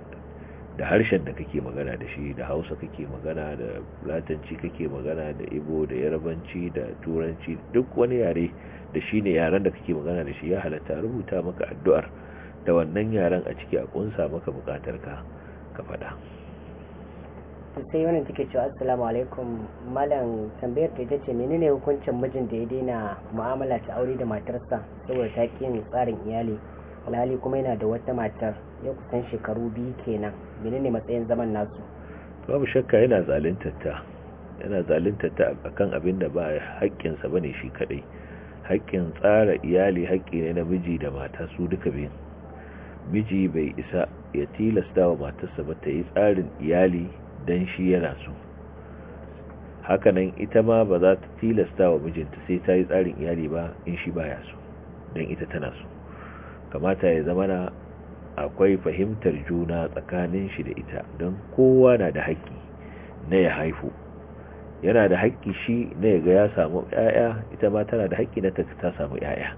Speaker 1: da harshen da kake magana da shi da hausa kake magana da latanci kake magana da igbo da yarbanci da turanci duk wani yare da shine yaran yaren da kake magana da shi ya halatta rubuta maka addu'ar da wannan yaren a ciki a kunsa maka bukatarka ka faɗa.
Speaker 2: sai wannan take cewa assalamu alaikum malam tambayar ta ita ce menene hukuncin mijin da ya daina mu'amala ta aure da matarsa saboda ta ƙin tsarin iyali alhali kuma yana da wata matar ya kusan shekaru biyu kenan menene matsayin
Speaker 1: zaman nasu babu shakka yana ta yana ta akan abin da ba sa bane shi kadai haƙƙin tsara iyali haƙƙi ne na miji da mata su duka biyun miji bai isa ya tilasta wa matarsa ba ta yi tsarin iyali don shi yana so hakanan ita ma ba za ta tilasta wa mijinta sai ta yi tsarin iyali ba in shi baya so don ita tana so kamata ya zama na akwai fahimtar juna tsakanin shi da ita don kowa na da haƙƙi na ya haifu yana da haƙƙi shi na ya ga ya samu ƴaƴa ita ma tana da haƙƙi na ta ta samu yaya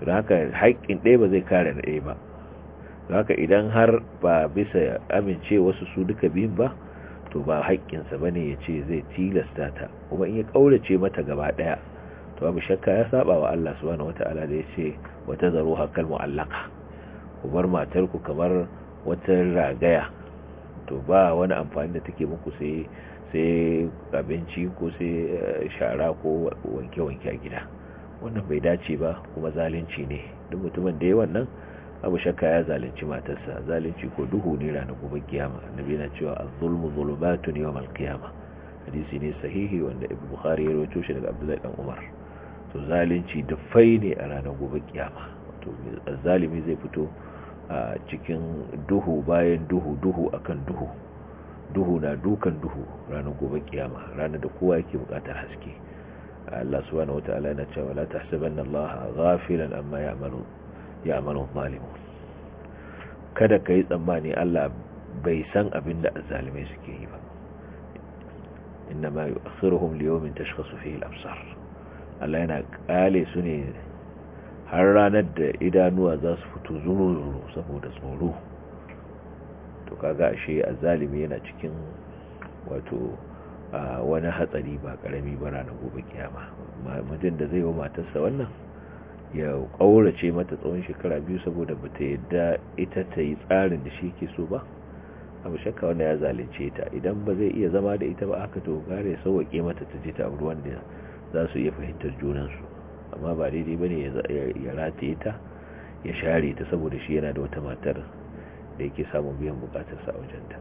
Speaker 1: to don haka haƙƙin ɗaya ba zai kare na ɗaya ba don haka idan har ba bisa amince wasu su duka biyun ba to ba haƙƙinsa ba ne ya ce zai tilasta ta kuma in ya ƙaurace mata gaba ɗaya to abu shakka ya saba wa Allah subhanahu wata'ala da ya ce wata zaro hakan mu'allaka ku bar matarku kamar wata ragaya to ba wani amfani da take muku sai sai abinci ko sai eh, shara ko wanke-wanke a gida wannan bai dace ba kuma zalunci ne duk mutumin da ya wannan abu shakka ya zalunci matarsa zalunci ko duhu ne ranar gobe kiyama annabi yana cewa az-zulmu zulumatun yawm al-qiyama hadisi ne sahihi wanda ibnu bukhari ya rawaito shi daga abdullahi dan umar to zalunci da fai ne a ranar gobe kiyama to zalimi zai fito a cikin duhu bayan duhu duhu akan duhu duhu na dukan duhu ranar gobe kiyama ranar da kowa yake bukatar haske Allah subhanahu ta'ala yana cewa la tahsabanna Allah ghafilan amma ya'malu ya amalu kada ka yi tsammani Allah bai san abin da azzalimai suke yi ba inna ma yu'akhiruhum li yawmin tashkhasu fihi al-absar Allah yana kale su ne har ranar da idanuwa za su fito zuru saboda tsoro to kaga ashe azalimi yana cikin wato wani hatsari ba karami ba ranar gobe kiyama mutum da zai wa matarsa wannan ya ƙaurace mata tsawon shekara biyu saboda ba ta yadda ita ta yi tsarin da shi ke so ba abu shakka wanda ya zalunce ta idan ba zai iya zama da ita ba aka to gare sauwaƙe mata ta je ta abu wanda za su iya fahimtar junansu amma ba daidai ba ne ya rataye ta ya share ta saboda shi yana da wata matar da yake samun biyan bukatar a wajenta.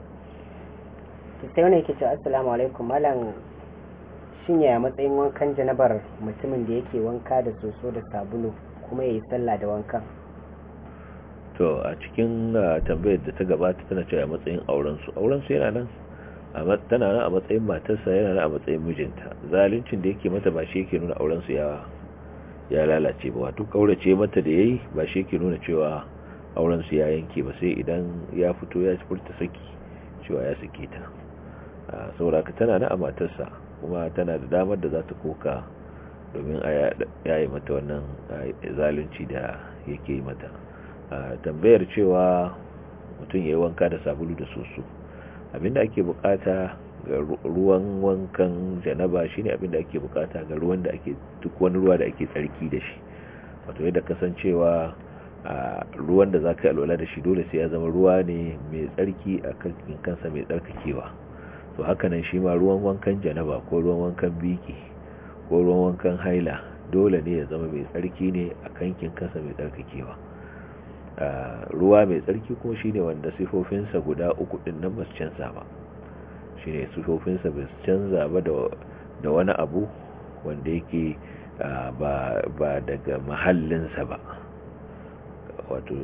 Speaker 2: sai wani assalamu alaikum malam shin yaya matsayin wankan janabar mutumin da yake wanka da soso da sabulu kuma ya yi sallah da wankan
Speaker 1: to a cikin tambayar da ta gabata tana cewa matsayin aurensu aurensu yana nan tana nan a matsayin matarsa yana nan a matsayin mijinta zaluncin da yake mata ba shi yake nuna aurensu ya ya lalace ba wato kaurace mata da yayi ba shi yake nuna cewa aurensu ya yanke ba sai idan ya fito ya furta saki cewa ya sake ta saboda ka tana nan a matarsa kuma tana da damar da za ta koka domin a yi mata wannan zalunci da yake yi mata tambayar cewa mutum ya yi wanka da sabulu da soso abinda ake bukata ga ruwan wankan janaba shine abinda ake bukata ga ruwan da ake duk wani ruwa da ake tsarki da shi wato yadda kasancewa a ruwan da za ka yi alwala da shi dole sai ya zama ruwa ne mai tsarki a kansa mai tsarkakewa to haka nan shi ma ruwan wankan janaba ko ruwan wankan biki ko ruwan wankan haila dole ne ya zama mai tsarki ne a kankin kasa mai tsarkakewa ruwa mai tsarki kuma shine wanda sifofinsa guda uku din nan ba su canza ba shine sifofinsa ba su canza ba da wani abu wanda yake ba daga mahallinsa ba wato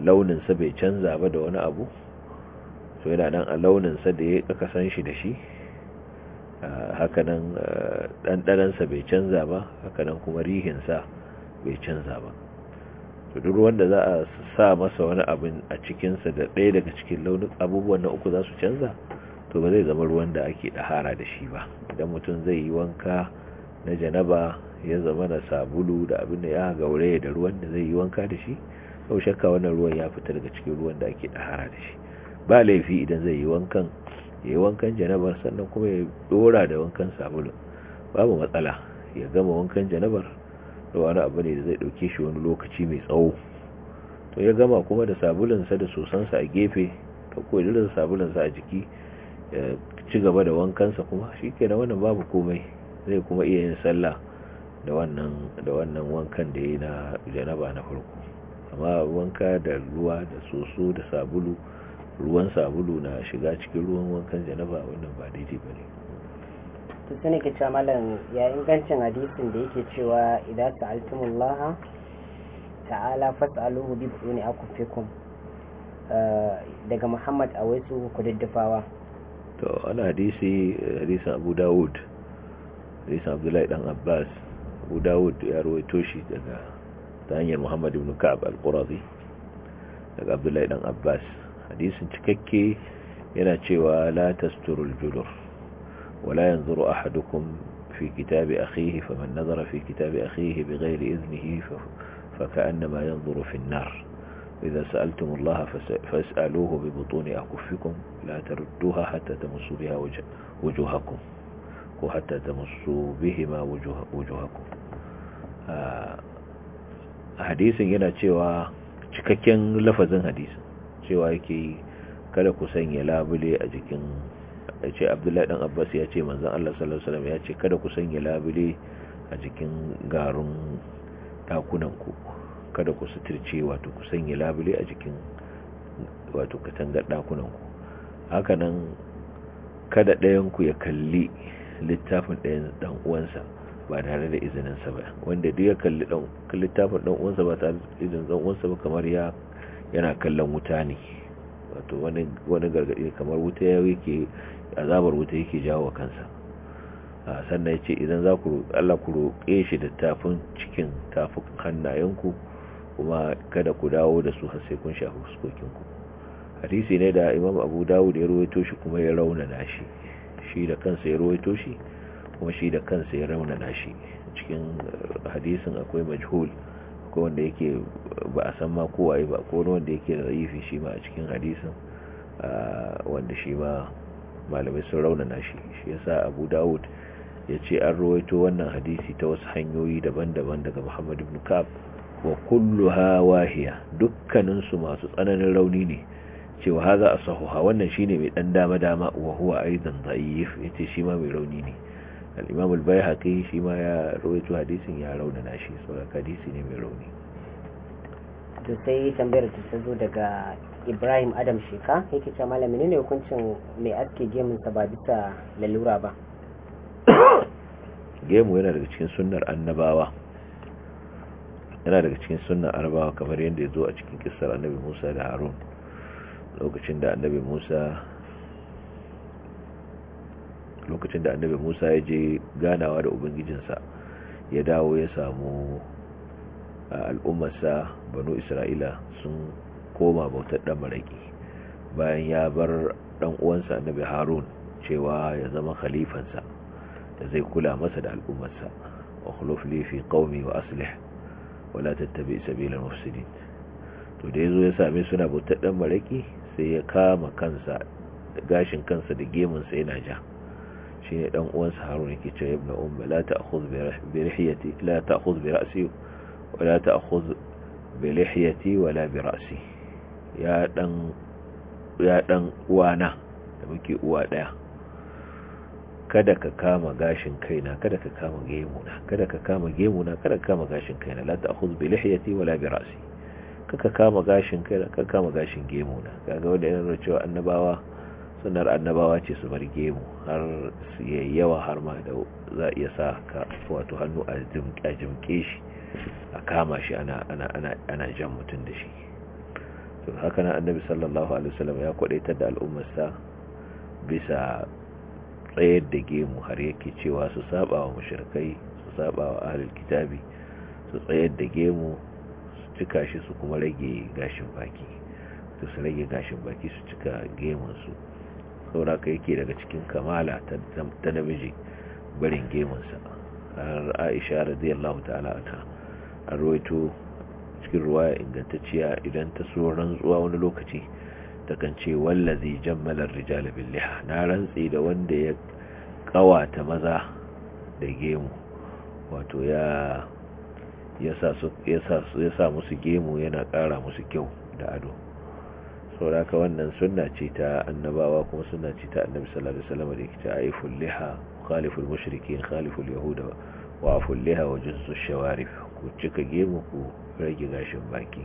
Speaker 1: launinsa bai canza ba da wani abu so yana nan a launin sa da ya kaka san shi da shi ah, hakanan ah, ɗanɗanansa bai canza ba hakanan kuma rihinsa bai canza ba to duk wanda za a sa masa wani abin a cikinsa da ɗaya daga cikin launin abubuwan na uku za su canza to ba zai zama ruwan da ake ɗahara da shi ba idan mutum zai yi wanka na janaba ya zama na sabulu da abin da ya gauraye da ruwan da zai yi wanka da shi sau shakka wannan ruwan ya fita daga cikin ruwan da ake ɗahara da shi ba laifi idan zai yi wankan ya yi wankan janabar sannan kuma ya dora da wankan sabulu babu matsala ya gama wankan janabar da wani abu ne da zai dauke shi wani lokaci mai tsawo to ya gama kuma da sabulunsa da sosansa a gefe ta koyi da sabulunsa a jiki ya ci gaba da wankansa kuma shi ke wannan babu komai zai kuma iya yin sallah da wannan wankan da ya yi na janaba na farko amma wanka da ruwa da soso da sabulu ruwan sabulu na shiga cikin ruwan wankan janaba wannan ba daidai ba ne
Speaker 2: to sai ne ke cewa malam ya ingancin hadisin da yake cewa idan sa'altumullaha ta'ala fas'aluhu bi buduni akufikum eh, daga Muhammad a waisu kududdufawa
Speaker 1: to ana hadisi hadisin Abu Dawud hadisin Abdullahi dan Abbas Abu Dawud ya rawaito shi daga ta hanyar Muhammad ibn Ka'ab al-Qurazi daga Abdullahi dan Abbas حديث تككي ينا تشوى لا تستر الجلر ولا ينظر أحدكم في كتاب أخيه فمن نظر في كتاب أخيه بغير إذنه فكأنما ينظر في النار إذا سألتم الله فاسألوه ببطون أكفكم لا تردوها حتى تمسوا بها وجوهكم وحتى تمسوا بهما وجوهكم آه، حديث ينا تشوى تككي لفظا حديثا cewa yake yi kada ku sanya labule a jikin ya ce abdullahi dan abbas ya ce manzan allah sallallahu alaihi wasallam ya ce kada ku sanya labule a jikin garin takunanku kada ku suturce wato ku sanya labule a jikin wato katangar ɗakunanku hakanan kada ɗayanku ya kalli littafin ɗayan ɗan uwansa ba tare da izininsa ba wanda duk ya kalli littafin ɗan uwansa ba tare da izinin ɗan ba kamar ya yana kallon wuta ne wato wani gargaɗi kamar wuta yake azabar wuta yake jawo wa kansa sannan ya ce idan za ku Allah ku roƙe shi da tafin cikin tafin hannayenku kuma kada ku dawo da su har sai kun shafi fuskokinku hadisi ne da imam abu dawud ya rawaito shi kuma ya raunana shi shi da kansa ya rawaito shi kuma shi da kansa ya raunana shi cikin eh, hadisin akwai majhul ko wanda yake ba a san ma kowaye ba ko wanda yake da zaifi shi ma a cikin hadisin wanda shi ma malamai sun raunana shi shi yasa abu dawud ya ce an rawaito wannan hadisi ta wasu hanyoyi daban-daban daga muhammad ibn kab wa kullu wahiya dukkaninsu masu tsananin rauni ne cewa haza a sahuha wannan shine mai dan dama-dama wa huwa aidan zaif yace shi ma mai rauni ne al-imam al-baihaqi shi ma ya rawaito hadisin ya raunana shi saboda hadisi ne mai rauni
Speaker 2: to sai tambayar ta zo daga Ibrahim Adam Sheka yake cewa malami ne hukuncin mai aske gemun sa ba bisa lalura ba
Speaker 1: [COUGHS] gemu yana daga cikin sunnar annabawa kamar yadda ya zo a cikin kisar annabi Musa da Harun lokacin da annabi Musa lokacin da annabi musa ya je ganawa da ubangijinsa ya dawo ya samu al'ummarsa banu isra'ila sun koma bautar dan maraki bayan ya bar dan uwansa annabi harun cewa ya zama khalifansa da zai kula masa da al'ummarsa wa khuluf li fi wa aslih wa la tattabi sabila mufsidin to da yazo ya same suna bautar dan maraƙi sai ya kama kansa gashin kansa da gemunsa sa yana ja shi ne dan uwansa harun yake cewa ibn umma la ta'khudh bi rihyati la ta'khudh bi ra'si wa la ta'khudh bi lihyati wa la bi ra'si ya dan ya dan uwana da muke uwa daya kada ka kama gashin kaina kada ka kama gemu na, kada ka kama gemu na, kada ka kama gashin kaina la ta'khudh bi lihyati wa la bi ra'si kaka kama gashin kaina kaka kama gashin gemu na, kaga wanda yana cewa annabawa sunar annabawa ce su bar gemu har su yawa har ma da za a iya sa ka wato hannu a jimke shi a kama shi ana jan mutum da shi to haka na annabi sallallahu alaihi wasallam ya kwadaitar da al'ummarsa bisa tsayar da gemu har yake cewa su saba wa mashirkai su saba wa ahalil kitabi su tsayar da gemu su cika shi su kuma rage gashin baki su rage gashin baki su cika gemunsu. saura ka yake daga cikin kamala ta namiji barin gemunsa har aisha radiyallahu ta'ala ta a rawaito cikin ruwaya ingantacciya idan ta so rantsuwa wani lokaci ta kan ce wallazi jammalar rijalabin liha na rantsi da wanda ya kawata maza da gemu wato ya ya sa musu gemu yana kara musu kyau da ado sauraka wannan sunna ce ta annabawa kuma suna ce ta annabi sallallahu alaihi wasallam da kita aiful liha khaliful mushrikin khaliful yahuda wa aful liha wa juzzu shawarif ku cika gemu ku rage gashin baki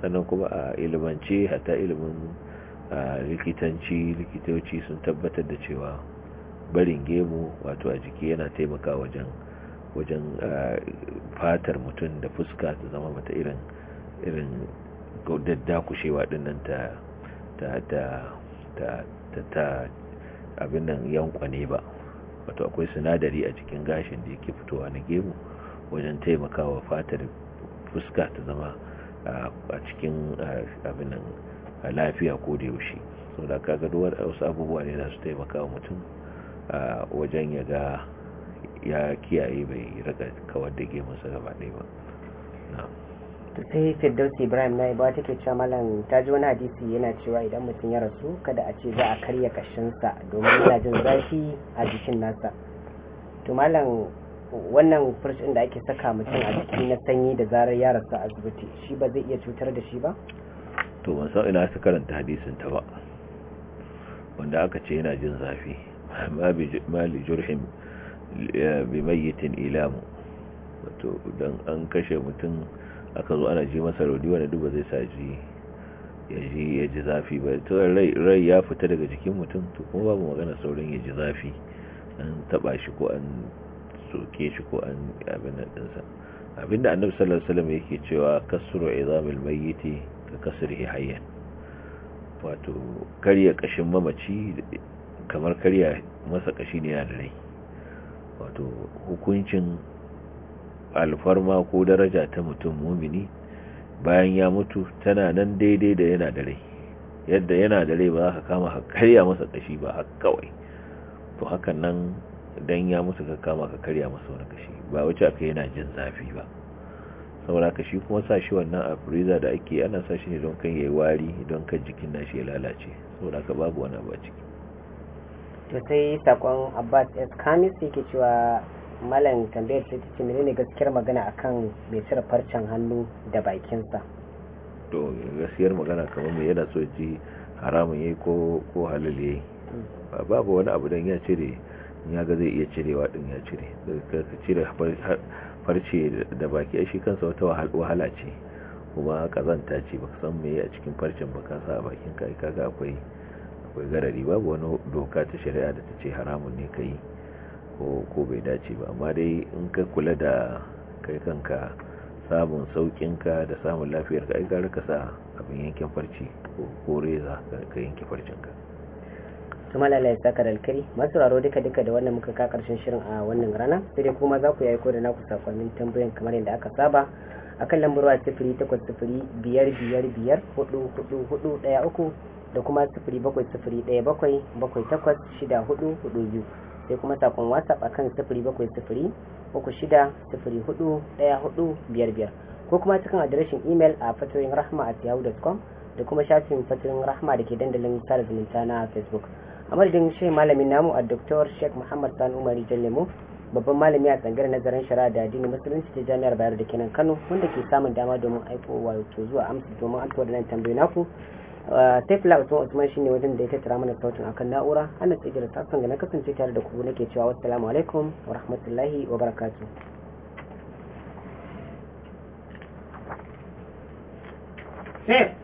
Speaker 1: sannan kuma a ilimance hatta ilimin likitanci likitoci sun tabbatar da cewa barin gemu wato a jiki yana taimaka wajen wajen fatar mutum da fuska ta zama mata irin daddakushewa dinnan ta ta ta ta ta abin nan yankwane ba wato akwai sinadari a cikin gashin da yake fitowa na gemu wajen taimakawa fatar fuska ta zama a cikin abin nan lafiya ko da yaushe so da kaga duwar wasu abubuwa ne za su taimakawa mutum a wajen ya ga ya kiyaye bai raka kawar da gemunsa gaba ɗaya ba
Speaker 2: to sai firdausi ibrahim na ba take cewa malam ta ji wani hadisi yana cewa idan mutum ya rasu kada a ce za a karya kashinsa domin yana jin zafi a jikin nasa to malam wannan firshin da ake saka mutum a jiki na sanyi da zarar ya rasu a asibiti shi ba zai iya cutar da shi ba
Speaker 1: to ban san ina aka karanta hadisin ta ba wanda aka ce yana jin zafi ma li jurhin eh, bi mayyitin ilamu wato dan an kashe mutum aka zo ana ji masa rauni wanda duba zai sa ji ya ji ya ji zafi ba to rai ya fita daga jikin mutum to kuma babu magana saurin ya ji zafi an taba shi ko an soke shi ko an abin nan dinsa abinda annabi sallallahu alaihi wasallam yake cewa kasru izamil mayyiti ka kasrihi hayyan wato karya kashin mamaci kamar karya masa kashi ne yana da rai wato hukuncin alfarma ko daraja ta mutum mumini bayan ya mutu tana nan daidai da yana da rai yadda yana da rai ba za ka kama ka karya masa kashi ba haka kawai to hakan nan dan ya mutu ka kama ka karya masa wani kashi ba wuce aka yana jin zafi ba saboda ka shi kuma sa shi wannan a freezer da ake ana sa shi ne don kan yayi wari don kan jikin nashi ya lalace saboda ka babu wani ba ciki
Speaker 2: to sai sakon Abbas S. Kamis yake cewa malam tambayar ce mene ne gaskiyar magana akan mai cire farcen hannu da bakinsa
Speaker 1: to gaskiyar magana kamar mai yana so haramun yayi ko ko halal hmm. babu wani abu dan ya cire ya ga zai iya cirewa din ya cire ka cire farce da baki shi kansa wata wahala ce kuma kazanta ce baka san me a cikin farcen baka sa a bakin ka kaga akwai akwai garari babu wani doka ta shari'a da ta ce haramun ne ka yi. ko bai dace ba amma dai in ka kula da kai kanka samun saukinka da samun lafiyar ka aikar ka sa abin yankin farci ko reza ka yanki farcinka
Speaker 2: kuma lalai tsakar alkari masu raro duka duka da wannan muka ka karshen shirin a wannan rana sai dai kuma za ku yayi ko da naku sakonnin tambayan kamar yadda aka saba akan lambar wa sifiri takwas sifiri biyar biyar biyar hudu hudu hudu daya uku da kuma sifiri bakwai sifiri daya bakwai bakwai takwas shida hudu hudu biyu sai kuma sakon whatsapp akan biyar biyar ko kuma cikin adireshin imel a fatoyin rahma at yahoo.com da kuma shafin fatirin rahma da ke dandalin sada zumunta na facebook a madadin shi malamin namu a dr sheikh muhammad sani umar lemo babban malami a tsangar nazarin shari'a da addinin musulunci ta jami'ar bayar da kenan kano wanda ke samun dama domin aiko wato zuwa amsa domin an da nan tambayi naku tefla usman shi ne wajen da ya tattara mana sautin akan na'ura ana tsigira ta sanga na kasance tare da ku nake cewa salamu alaikum wa rahmatullahi wa barakatu
Speaker 1: Fifth,